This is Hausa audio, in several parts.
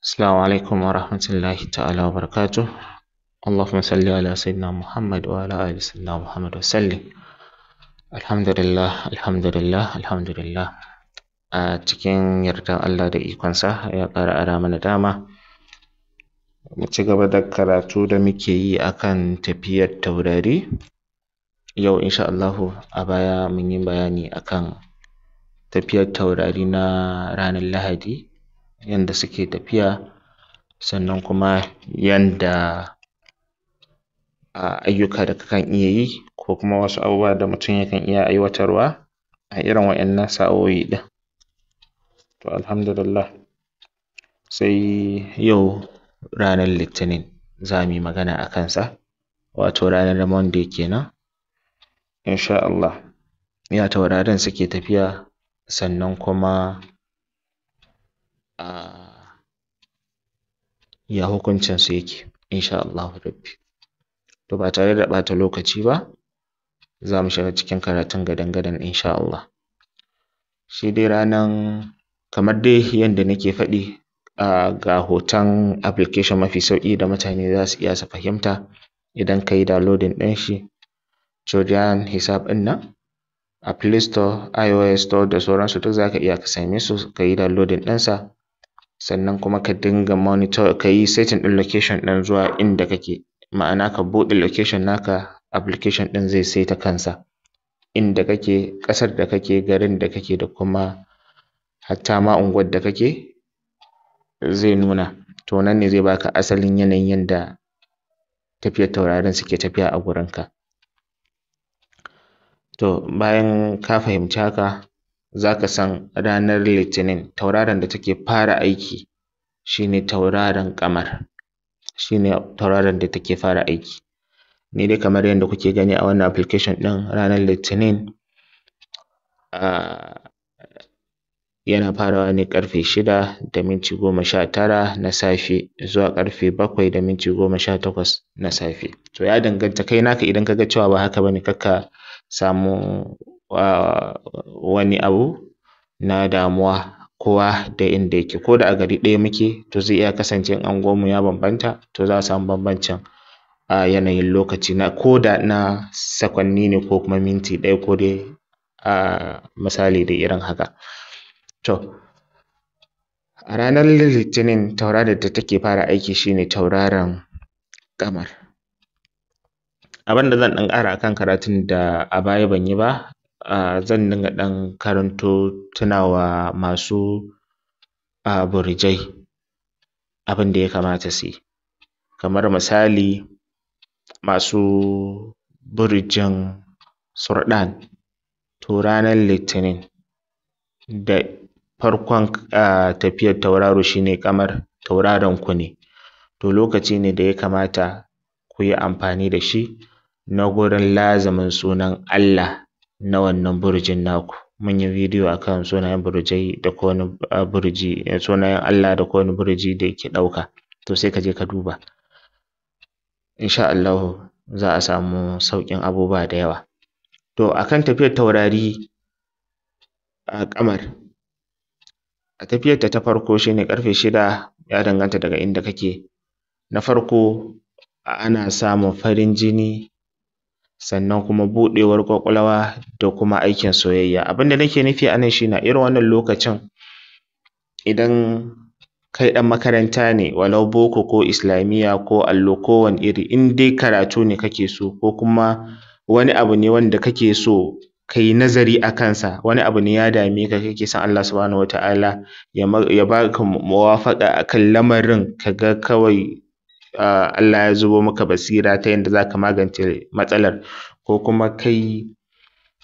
السلام عليكم ورحمة الله تعالى وبركاته اللهم صل على سيدنا محمد وعلى آل سيدنا محمد وسلم الحمد لله الحمد لله الحمد a cikin yarda Allah da ikonsa ya ƙara ara mana dama mu ci gaba da karatu da muke yi akan tafiyar taurari yau insha Allahu a baya mun yi bayani akan tafiyar taurari na ranar Lahadi yanda suke tafiya sannan kuma yanda a ayyuka da kakan iya yi ko kuma wasu abubuwa da mutum yakan iya aiwatarwa a irin wa'innan sa'o'i ɗin. To alhamdulillah sai yau ranar litinin za mu yi magana a kansa wato ranar monday kenan insha Allah. Ya taurarin suke tafiya sannan kuma Ah. ya su yake insha Allahu rabbi to ba tare da bata lokaci ba za mu shiga cikin karatun gadan-gadan insha Allah shi dai ranan kamar dai yadda nake faɗi ga hoton application mafi sauƙi da mutane za su iya su fahimta idan ka yi downloading ɗin shi Jordan Hisab ɗin nan a Play Store, iOS Store da sauransu duk za ka iya ka same su ka yi downloading ɗinsa sannan kuma ka dinga monitor ka yi setting ɗin location ɗin zuwa inda kake ma'ana ka buɗe location naka application ɗin zai saita kansa inda kake ƙasar da kake garin da kake da kuma hatta ma unguwar da kake zai nuna to nan ne zai baka asalin yanayin yadda tafiyar taurarin suke tafiya a gurinka to bayan ka fahimci haka za ka san ranar litinin tauraron da take fara aiki shine tauraron kamar shine tauraron da take fara aiki ni dai kamar yadda kuke gani a wannan application ɗin ranar litinin yana farawa ne karfe shida da minti goma sha tara na safe zuwa karfe bakwai da minti goma sha takwas na safe to ya danganta kai naka idan ka ga cewa ba haka bane kar ka samu wani abu na damuwa kowa da inda yake ko da a gari ɗaya muke to zai iya kasance in mu ya bambanta to za a samu bambancin a yanayin lokaci na ko da na sakwanni ne ko kuma minti ɗaya ko dai a misali da irin haka to a ranar litinin tauraron da take fara aiki shine tauraron ƙamar abin da zan ɗan ƙara akan karatun da a baya ban yi ba zan dinga ɗan karanto tunawa masu burjai abin da ya kamata su yi kamar misali masu burjin surɗan to ranar litinin da farkon tafiyar tauraro shine kamar tauraron ku ne to lokaci ne da ya kamata ku yi amfani da shi na gurin lazumin sunan Allah na wannan burjin naku mun yi bidiyo akan sunayen burjai da ko wani burji eh, sunayen Allah da ko wani burji da yake ɗauka to sai ka je ka duba insha Allah za a samu sauƙin abubuwa da yawa to kan tafiyar taurari a kamar a tafiyarta ta farko shine ƙarfe shida ya danganta daga inda kake na farko ana samun farin jini sannan kuma buɗewar ƙwaƙwalwa da kuma aikin soyayya abin da nake nufi a nan shi a irin wannan lokacin idan kai ɗan makaranta ne walau boko ko islamiyya ko allo ko wani iri in dai karatu ne kake so ko kuma wani abu ne wanda kake so ka yi nazari a kansa wani abu ne ya dame ka kake son Allah subhanahu wataala ya ba muwafaka muwafaƙa kan lamarin ka ga kawai Ah, Allah ya zubo maka basira ta yadda zaka magance matsalar ko kuma kai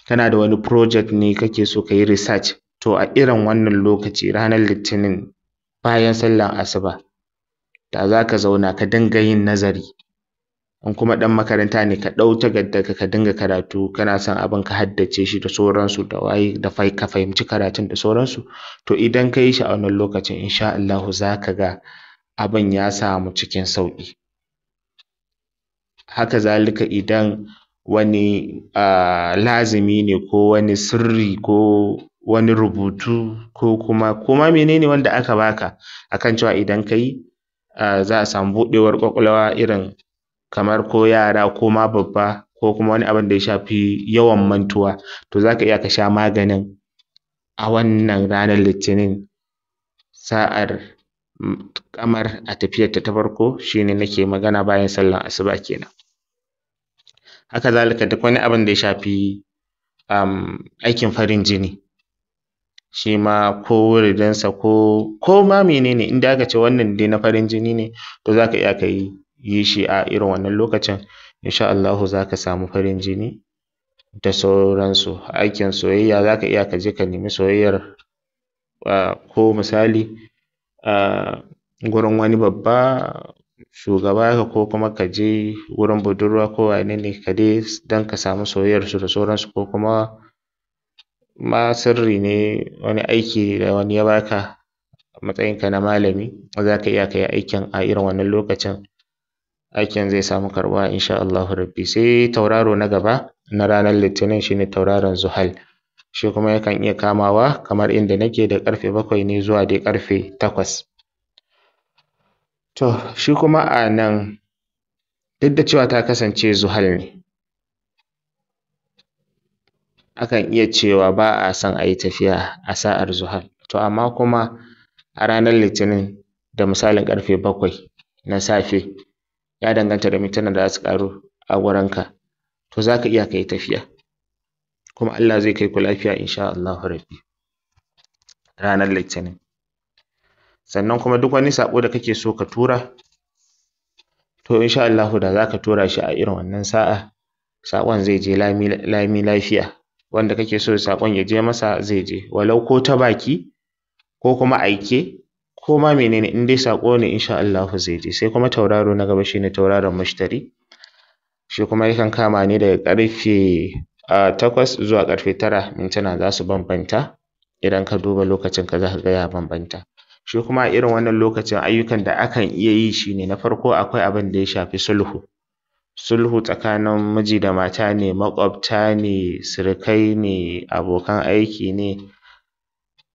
kana da wani project ne kake so ka yi research to a irin wannan lokaci ranar litinin bayan sallar asuba da zaka zauna ka dinga yin nazari in kuma dan makaranta ne ka ɗau gaddaka ka dinga karatu kana son abin ka haddace shi da sauransu da waye da ka fahimci karatun da sauransu to idan kayi shi a wannan lokacin insha Allahu zaka ga abin ya samu cikin sauƙi haka zalika idan wani lazumi ne ko wani sirri ko wani rubutu ko kuma ko ma mene ne wanda aka baka a kan cewa idan ka yi za a samu buɗewar ƙwaƙwalwa irin kamar ko yara ko ma babba ko kuma wani abin da ya shafi yawan mantuwa to za ka iya ka sha maganin a wannan ranar litinin sa'ar kamar a tafiyarta ta farko shine nake magana bayan sallar asuba kenan haka zalika duk wani abin da ya shafi um, aikin farin jini shi ma ko sa ko ko ma menene in dai aka ce wannan dai na farin jini ne to zaka iya ka yi shi a irin wannan lokacin insha Allahu zaka samu farin jini da sauransu aikin soyayya zaka iya kaje ka nemi soyayyar ah, ko misali gurin wani babba shugaba haka ko kuma ka je wurin budurwa ko wane ne ka dai don ka samu soyayyarsu da sauransu ko kuma ma sirri ne wani aiki da wani ya baka matsayinka na malami za ka iya ka yi aikin a irin wannan lokacin aikin zai samu karɓuwa insha Allahu rabbi sai tauraro na gaba na ranar litinin shine tauraron zuhal shi kuma yakan iya kamawa kamar inda nake da ƙarfe bakwai ne zuwa dai ƙarfe takwas. To shi kuma a nan duk da cewa ta kasance zuhal ne akan iya cewa ba a son a yi tafiya a sa'ar zuhal to amma kuma a ranar litinin da misalin ƙarfe bakwai na safe ya danganta da mintuna da za su ƙaru a wurinka to za ka iya ka yi tafiya. kuma Allah zai kai ku lafiya insha Allah rabbi ranar litinin sannan kuma duk wani sako da kake so ka tura to insha Allah da ka tura shi a irin wannan sa'a sakon zai je lami lafiya wanda kake so sakon ya je masa zai je walau ko ta baki ko kuma aike ko ma menene in dai sako ne insha Allah zai je sai kuma tauraro na gaba shine tauraron mashtari shi kuma yakan kama ne daga karfe Ah, takwas zuwa ƙarfe tara mintuna za su bambanta idan ka duba lokacin ka za ka ga ya bambanta shi kuma a irin wannan lokacin ayyukan da akan iya yi shi ne na farko akwai abin da ya shafi sulhu sulhu tsakanin miji da mata ne maƙwabta ne surukai ne abokan aiki ne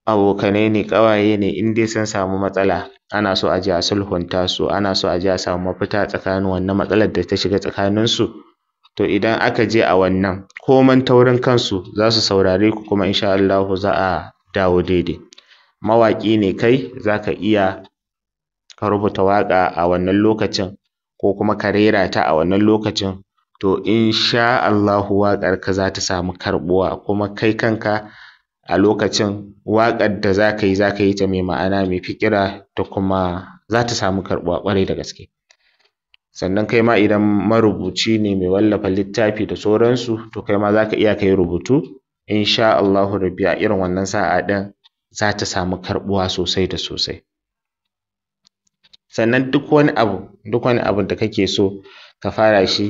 abokanai ne ƙawaye ne in dai sun samu matsala ana so a je a sulhunta su ana so a je a samu mafita tsakanin wannan matsalar da ta shiga tsakaninsu to idan aka je a wannan koman taurin kansu za su saurare ku kuma insha Allah za a dawo daidai mawaƙi ne kai za ka iya ka rubuta waƙa a wannan lokacin ko kuma ka rera ta a wannan lokacin to insha Allahu ka za ta samu karbuwa, kuma kai kanka a lokacin waƙar da za ka yi za ka yi ta mai ma'ana mai fikira da kuma za ta samu karbuwa ƙwarai da gaske. sannan kai ma idan marubuci ne mai wallafa littafi da sauransu to kai ma za ka iya ka yi rubutu insha Allahu rabbi a irin wannan sa'a ɗin za ta samu karbuwa sosai da sosai sannan duk wani abu duk wani abu da kake so ka fara shi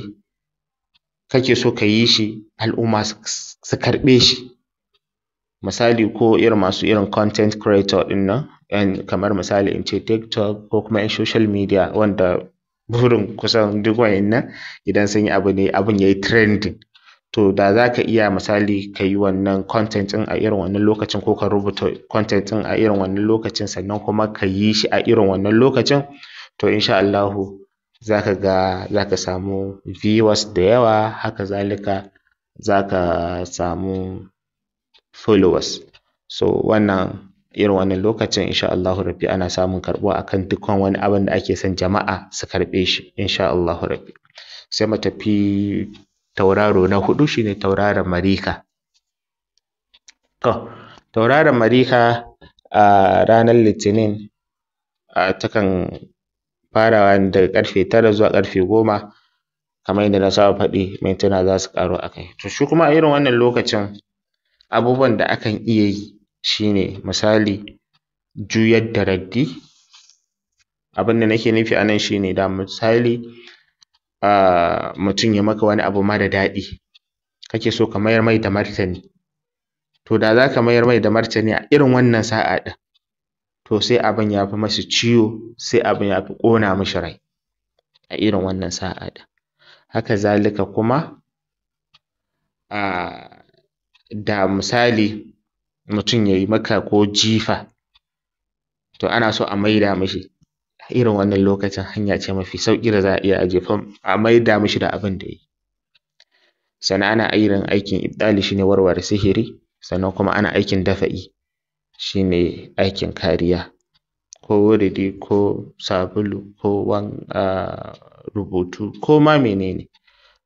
kake so ka yi shi al'umma su karɓe shi misali ko irin masu irin content creator ɗin nan kamar misali in ce tiktok ko kuma in social media wanda burin kusan duk wa'annan idan sun yi abu ne abin ya yi trending to da za ka iya misali ka yi wannan content ɗin a irin wannan lokacin ko ka rubuta content ɗin a irin wannan lokacin sannan kuma ka yi shi a irin wannan lokacin to insha Allahu za ka ga za ka samu viewers da yawa haka zalika za ka samu followers so wannan irin wannan lokacin insha Allahu rabbi ana samun karbuwa akan dukkan wani abin da ake son jama'a su karbe shi insha Allahu rabbi sai mu tafi tauraro na hudu shine tauraron marika to tauraron marika a ranar litinin takan farawa daga karfe tara zuwa karfe goma kamar yadda na saba faɗi mintuna za su karo a kai to shi kuma a irin wannan lokacin abubuwan da akan iya yi shine misali juyar da raddi abinda nake nufi anan shine da misali mutum ya maka wani abu mara daɗi kake so ka mayar mai da martani to da zaka mayar mai da martani a irin wannan sa'a ɗin to sai abin yafi masa ciwo sai abin yafi ƙona mishi rai a irin wannan sa'a ɗin haka zalika kuma da misali mutum ya yi maka ko jifa to ana so a maida mishi irin wannan lokacin hanya ce mafi sauƙi da za a iya ajefa a maida mishi da abin da ya yi sannan ana irin aikin shi shine warware sihiri sannan kuma ana aikin dafa'i shine aikin kariya ko wuridi ko sabulu ko wan rubutu ko ma menene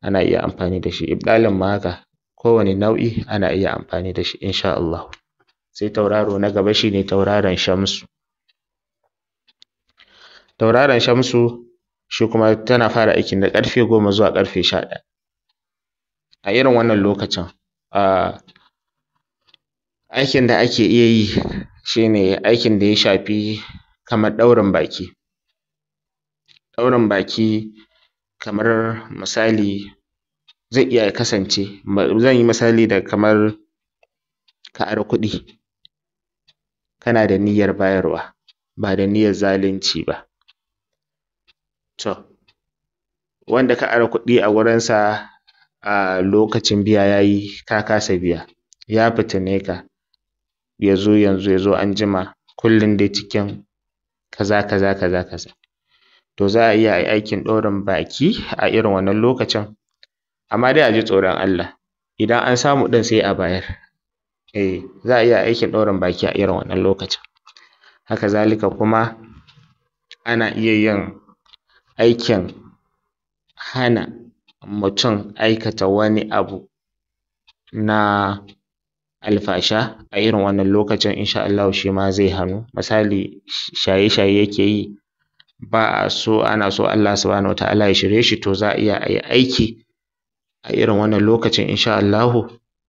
ana iya amfani da shi ibdalin ma haka kowane nau'i ana iya amfani da shi insha Allah sai tauraro na gaba shi ne tauraron shamsu tauraron shamsu shi kuma tana fara aikin da ƙarfe goma zuwa ƙarfe sha ɗaya a irin wannan lokacin aikin da ake iya yi shi ne aikin da ya shafi kamar ɗaurin baki ɗaurin baki kamar misali zai iya kasance zan yi misali da kamar ka'ar kuɗi kana da niyyar bayarwa ba da niyyar zalunci ba to wanda ka ara kuɗi a wurinsa a lokacin biya ya yi ka kasa biya ya fitine ka ya zo yanzu ya zo an jima kullum dai cikin kaza kaza kaza kaza to za a iya yi aikin ɗorin baki a irin wannan lokacin amma dai a ji tsoron Allah idan an samu ɗin sai a bayar eh za a iya aikin ɗaurin baki a irin wannan lokacin haka zalika kuma ana iya yin aikin hana mutum aikata wani abu na alfasha a irin wannan lokacin insha Allahu shi ma zai hanu misali shaye-shaye yake yi ba a so ana so Allah subhanahu wata'ala ya shirye shi to za a iya a aiki a irin wannan lokacin insha Allahu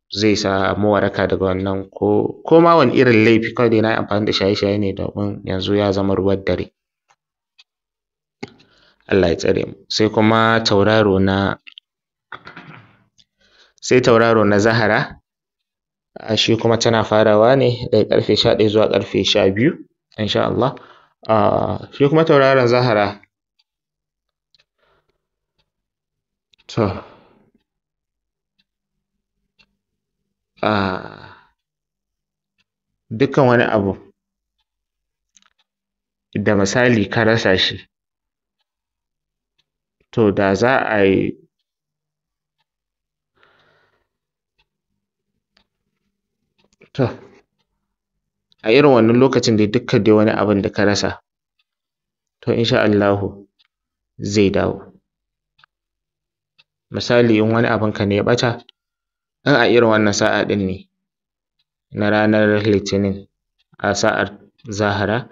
zai samu waraka daga wannan ko ko ma wani irin laifi kawai dai na yi amfani da shaye-shaye ne domin yanzu ya zama ruwan dare Allah ya tsare mu sai kuma tauraro na sai tauraro na zahara shi kuma tana farawa ne daga ƙarfe sha ɗaya zuwa ƙarfe sha biyu insha Allah shi kuma tauraron zahara to dukkan wani abu da misali ka rasa shi to da za yi to a irin wannan lokacin dai dukkan dai wani abun da ka rasa to in sha Allahu zai dawo misali in wani abunka ne ya ɓata in a irin wannan sa'a ɗin ne na ranar litinin a sa'ar zahara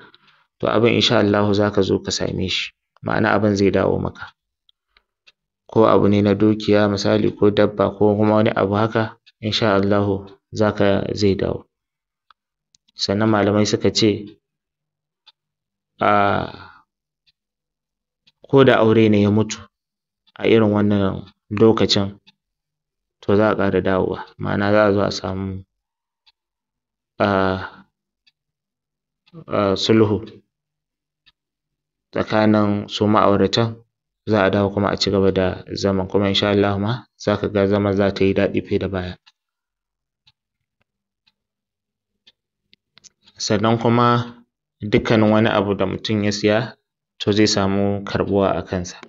to abin insha Allahu za ka zo ka same shi ma'ana abin zai dawo maka ko abu ne na dukiya misali ko dabba ko kuma wani abu haka insha Allahu za ka zai dawo sannan malamai suka ce ko da aure ne ya mutu a irin wannan lokacin to za a ƙara dawowa ma'ana za a zo a samu a sulhu tsakanin su ma'auratan za a dawo kuma a cigaba da zaman kuma insha ma za ka ga zaman za ta yi daɗi fiye da baya. Sannan kuma dukkanin wani abu da mutum ya siya to zai samu karɓuwa a kansa.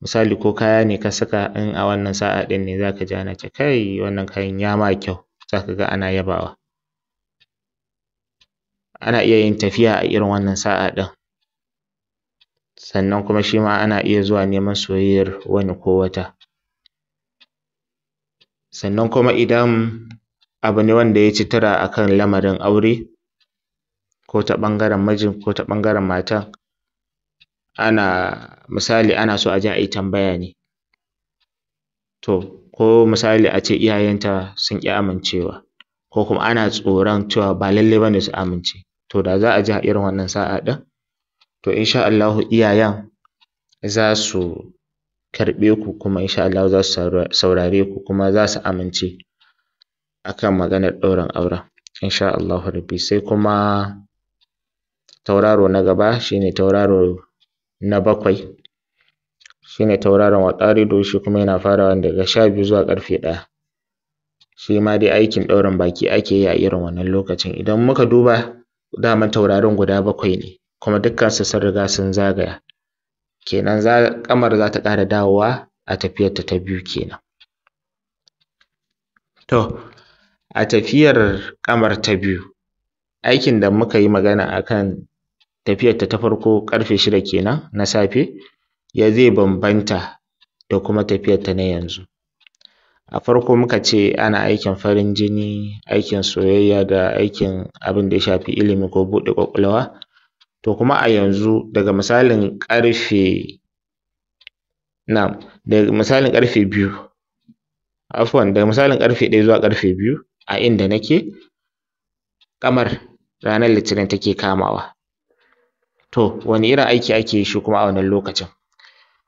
misali ko kaya ne ka saka in a wannan sa'a ɗin ne zaka ji ana ce kai wannan kayan ya ma kyau zaka ga ana yabawa ana iya yin tafiya a irin wannan sa'a ɗin sannan kuma shi ma ana iya zuwa neman soyayyar wani ko wata sannan kuma idan abu ne wanda ya ci tura a kan lamarin aure ko ta ɓangaren mijin ko ta ɓangaren matan ana misali ana so a je a yi tambaya ne to ko misali a ce iyayenta sun ƙi amincewa ko kuma ana tsoron cewa ba lalle ba ne su amince to da za a je a irin wannan sa'a ɗin to insha Allahu iyayen za su karɓe ku kuma insha Allahu za su saurare ku kuma za su amince akan maganar ɗaurin auren insha Allahu rabbi sai kuma tauraro na gaba shine tauraro na bakwai shi ne tauraron watsarido shi kuma yana farawa daga sha biyu zuwa ƙarfe ɗaya shi ma dai aikin ɗaurin baki ake yi a irin wannan lokacin idan muka duba dama tauraron guda bakwai ne kuma dukkansu sun riga sun zagaya kenan za ƙamar za ta ƙara dawowa a tafiyarta ta biyu kenan to a tafiyar ƙamar ta biyu aikin da muka yi magana akan tafiyarta ta farko karfe shida kenan na safe ya zai bambanta da kuma tafiyarta na yanzu a farko muka ce ana aikin farin jini aikin soyayya da aikin abin da ya shafi ilimi ko buɗe ƙwaƙwalwa to kuma a yanzu daga misalin ƙarfe na daga misalin ƙarfe biyu afwan daga misalin ƙarfe ɗaya zuwa ƙarfe biyu a inda nake ƙamar ranar litinin take kamawa to wani irin aiki ake shi kuma a wannan lokacin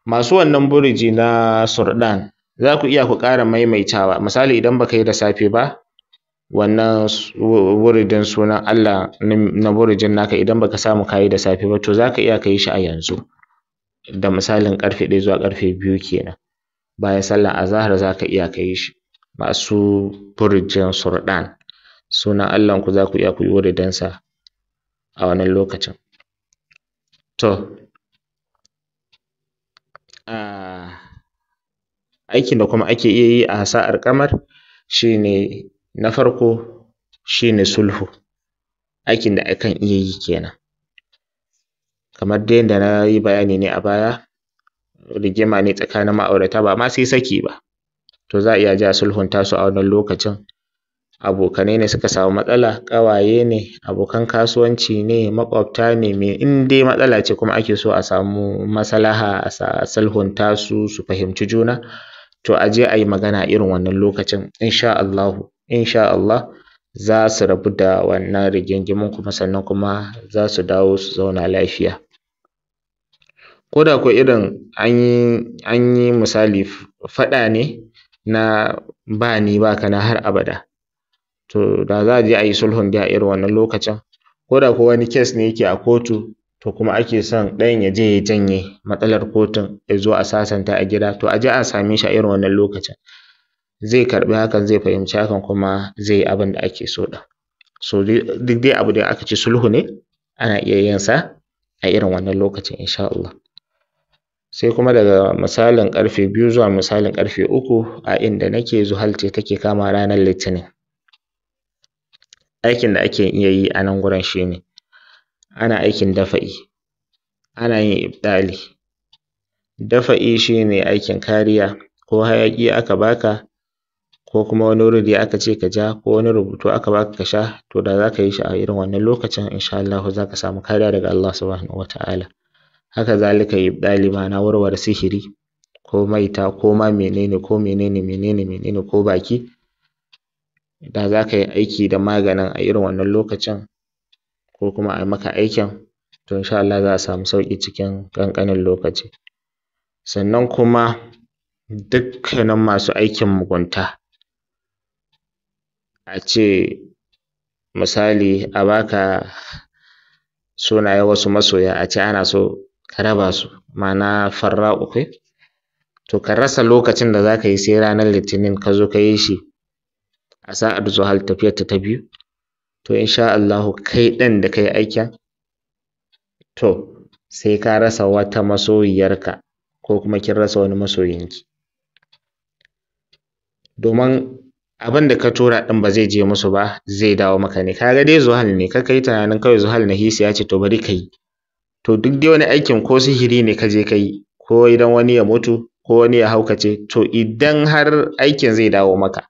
masu wannan buriji na surdan za ku iya ku ƙara maimaitawa misali idan baka yi da safe ba wannan buridin sunan Allah na burijin naka idan baka samu kayi da safe ba to zaka iya yi shi a yanzu da misalin karfe ɗaya zuwa karfe biyu kenan bayan sallar azahar zaka iya yi shi masu burijin surdan sunan Allah ku za ku iya ku yi wuridinsa a wannan lokacin To, aikin da kuma ake iya yi a hasa'ar kamar shi ne na farko shi ne sulhu, aikin da akan iya yi kenan. Kamar dai yadda na yi bayani ne a baya, rigima ne tsakanin ma'aurata ba ma sai saki ba, to za a iya a sulhun a sulhunta su a wannan lokacin abokanai ne suka samu matsala ƙawaye ne abokan kasuwanci ne maƙwabta ne me in dai matsala ce kuma ake so a samu maslaha a sulhunta su su fahimci juna to a je a yi magana irin wannan lokacin insha Allahu insha Allah za su rabu da wannan rigingimun kuma sannan kuma za su dawo su zauna lafiya ko da kuwa irin an an yi misali faɗa ne na ba ni ba ka na har abada to da za a je a yi sulhun dai a irin wannan lokacin ko da ko wani kes ne yake a kotu to kuma ake son ɗayan ya je ya janye matsalar kotun ya zo a sasanta a gida to a je a same shi a irin wannan lokacin zai karɓi hakan zai fahimci hakan kuma zai yi abin da ake so ɗin so duk dai abu da aka ce sulhu ne ana iya yin sa a irin wannan lokacin insha Allah sai kuma daga misalin ƙarfe biyu zuwa misalin ƙarfe uku a inda nake Zuhal ce take kama ranar Litinin aikin da ake iya yi a nan gurin shi ne ana aikin dafa'i ana yin ibɗali dafa'i shi ne aikin kariya ko hayaƙi aka baka ko kuma wani wuri dai aka ce ka ja ko wani rubutu aka baka ka sha to da za ka yi shi a irin wannan lokacin insha Allahu za ka samu kariya daga Allah subhanahu wa ta'ala haka zalika ibɗali ma'ana warware sihiri ko maita ko ma menene ko menene menene menene ko baki da za ka yi aiki da maganin a irin wannan lokacin ko kuma a maka aikin to insha Allah za a samu sauƙi cikin ƙanƙanin lokaci. Sannan kuma dukkanin masu aikin mugunta a ce misali a baka sunayen wasu masoya a ce ana so ka raba su ma'ana farra'u to ka rasa lokacin da za ka yi sai ranar litinin ka zo ka yi shi a sa'ar zuhal tafiyarta ta biyu to insha Allahu kai ɗan da kai aikin to sai ka rasa wata masoyiyarka ko kuma kin rasa wani masoyinki domin abin da ka tura ɗin ba zai je musu ba zai dawo maka ne kaga dai zuhal ne ka kai tunanin kawai zuhal na hisi ya ce to bari ka yi to duk dai wani aikin ko sihiri ne ka je ka yi ko idan wani ya mutu ko wani ya haukace to idan har aikin zai dawo maka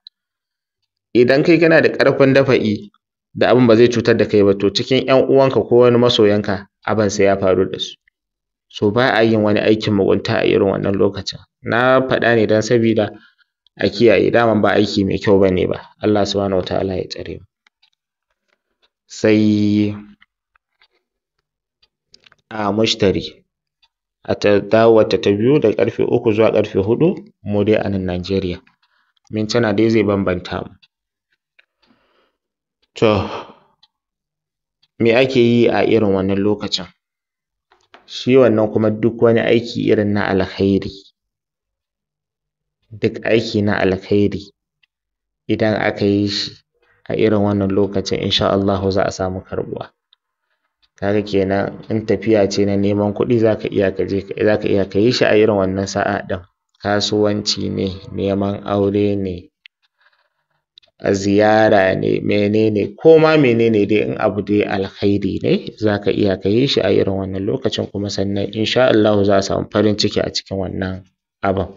idan kai kana da ƙarfin dafa'i da abin ba zai cutar da kai ba to cikin ƴan uwanka ko wani masoyanka abin sai ya faru da su so ba a yin wani aikin mugunta a irin wannan lokacin na faɗa ne don sabida a kiyaye daman ba aiki mai kyau ba ne ba Allah subhanahu wa ta'ala ya tsare mu sai a mushtari a ta dawowarta ta biyu da ƙarfe uku zuwa ƙarfe hudu, mu dai a nan Najeriya mintuna dai zai bambanta mu To, me ake yi a irin wannan lokacin? Shi wannan kuma duk wani aiki irin na alkhairi, duk aiki na alkhairi idan aka yi shi a irin wannan lokacin insha Allahu za a samu karɓuwa. Kaga kenan in tafiya ce na neman kuɗi za ka iya ka je za ka iya ka yi shi a irin wannan sa'a ɗin, kasuwanci ne, neman aure ne, ziyara ne menene ko ma menene dai in abu dai alkhairi ne zaka iya ka yi shi a irin wannan lokacin kuma sannan insha Allahu za a samu farin ciki a cikin wannan abun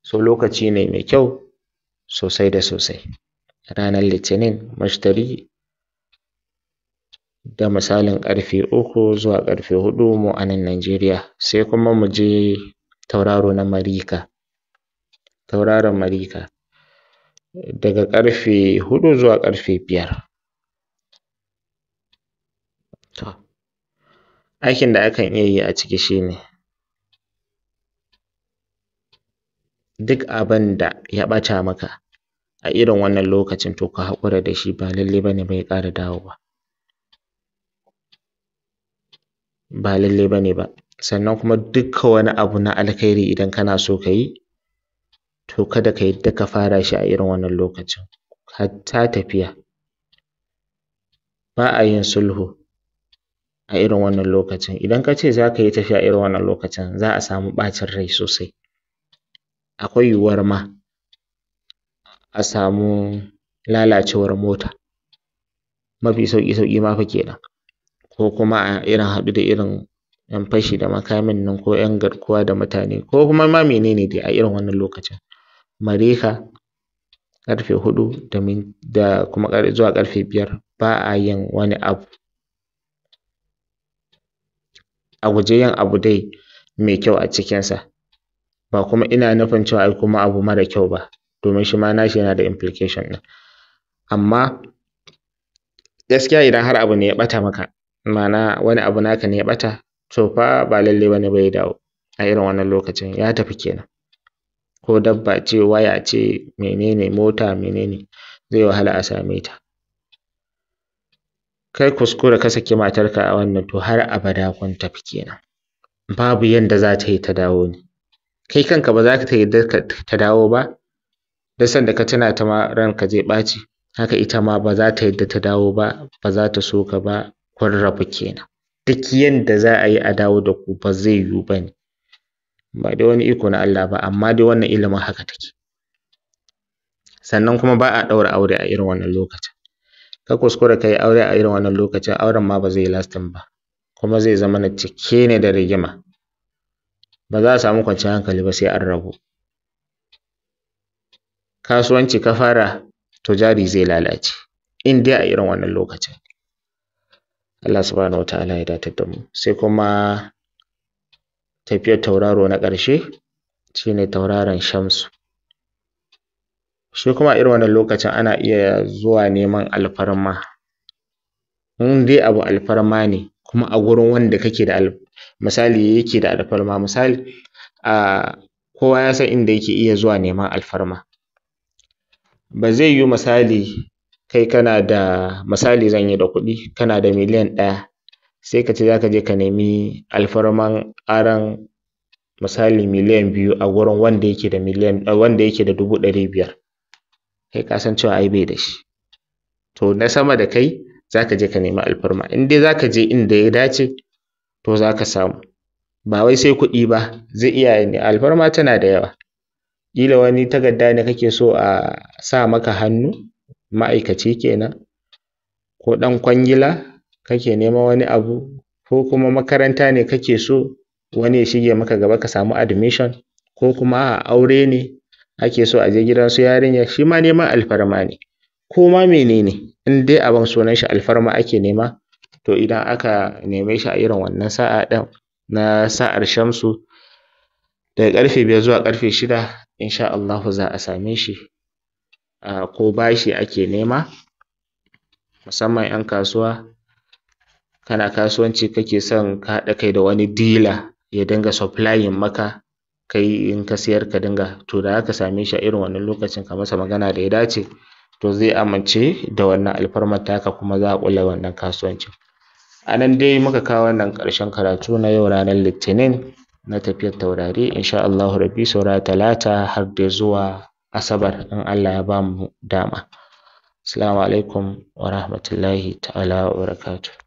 so lokaci ne mai kyau sosai da sosai ranar litinin mashtari da misalin Karfe uku zuwa Karfe huɗu mu a nan Najeriya sai kuma mu je tauraro na Marika tauraron Marika daga ƙarfe hudu zuwa ƙarfe biyar aikin da akan iya yi a ciki shine duk abin da ya ɓata maka a irin wannan lokacin to ka haƙura da shi ba lallai bane ba ya ƙara dawowa ba lallai bane ba sannan kuma duka wani abu na alkhairi idan kana so ka yi to kada ka yadda ka fara shi a irin wannan lokacin hatta tafiya ba a yin sulhu a irin wannan lokacin idan ka ce za ka yi tafiya a irin wannan lokacin za a samu ɓacin rai sosai akwai yiwuwar ma a samu lalacewar mota mafi sauƙi sauƙi ma fa kenan ko kuma a irin haɗu da irin ‘yan fashi da makamin nan ko ‘yan garkuwa da mutane ko kuma ma menene dai a irin wannan lokacin mareka ƙarfe huɗu da min da kuma zuwa ƙarfe biyar ba a yin wani abu a guji yin abu dai mai kyau a cikinsa ba kuma ina nufin cewa ai kuma abu mara kyau ba domin shi ma nashi yana da implication ɗin amma gaskiya idan har abu ne ya ɓata maka ma'ana wani abu naka ne ya ɓata to fa ba lallai ba ne ba ya dawo a irin wannan lokacin ya tafi kenan ko dabba ce waya ce menene mota menene zai wahala a same ta kai kuskure ka saki matarka a wannan to har abada kun tafi kenan babu yanda za ta yi ta dawo ne kai kanka ba za ka yarda ta dawo ba duk sanda ka tuna ta ma ranka zai ɓaci haka ita ma ba za ta yadda ta dawo ba ba za ta so ka ba kun rabu kenan duk yanda za a yi a dawo da ku ba zai yiwu ba ne ba dai wani iko na Allah ba amma dai wannan ilimin haka take sannan kuma ba a ɗaura aure a irin wannan lokacin ka kuskura ka yi aure a irin wannan lokacin auren ma ba zai lastin ba kuma zai zama na cike ne da rigima ba za a samu kwanciyar hankali ba sai an rabu kasuwanci ka fara to jari zai lalace in dai a irin wannan lokacin Allah subhanahu ta'ala ya datar da mu sai kuma tafiyar tauraro na ƙarshe shine tauraron shamsu shi kuma a irin wannan lokacin ana iya zuwa neman alfarma in dai abu alfarma ne kuma a gurin wanda kake da misali yake da alfarma misali a kowa ya san inda yake iya zuwa neman alfarma ba zai yiwu misali kai kana da misali zan yi da kuɗi kana da miliyan ɗaya sai ka ce za ka je ka nemi alfarman aron misali miliyan biyu a wurin wanda yake da miliyan wanda da dubu ɗari biyar kai ka san cewa ai bai da shi to na sama da kai za ka je ka nemi alfarma in dai za ka je inda ya dace to za ka samu ba wai sai kuɗi ba zai iya ne alfarma tana da yawa ƙila wani tagadda ne kake so a sa maka hannu ma'aikaci kenan ko ɗan kwangila kake nema wani abu ko kuma makaranta ne kake so wani ya shige maka gaba ka samu admission ko kuma a aure ne ake so a je gidan su yarinya shi ma neman alfarma ne ko ma menene in dai abin sunan shi alfarma ake nema to idan aka neme shi a irin wannan sa'a ɗin na sa'ar shamsu daga ƙarfe biyar zuwa ƙarfe shida sha Allahu za a same shi ko bashi ake nema musamman 'yan kasuwa kana kasuwanci kake son ka haɗa kai da wani dila ya dinga supplying maka kai in ka siyar ka dinga to da aka same shi a irin wannan lokacin ka masa magana da ya dace to zai amince da wannan alfarmar taka kuma za a ƙulla wannan kasuwanci. a nan dai muka kawo wannan ƙarshen karatu na yau ranar litinin na tafiyar taurari insha Allahu rabbi saura talata har da zuwa asabar in Allah ya mu dama assalamu alaikum wa rahmatullahi ta'ala wa barakatuh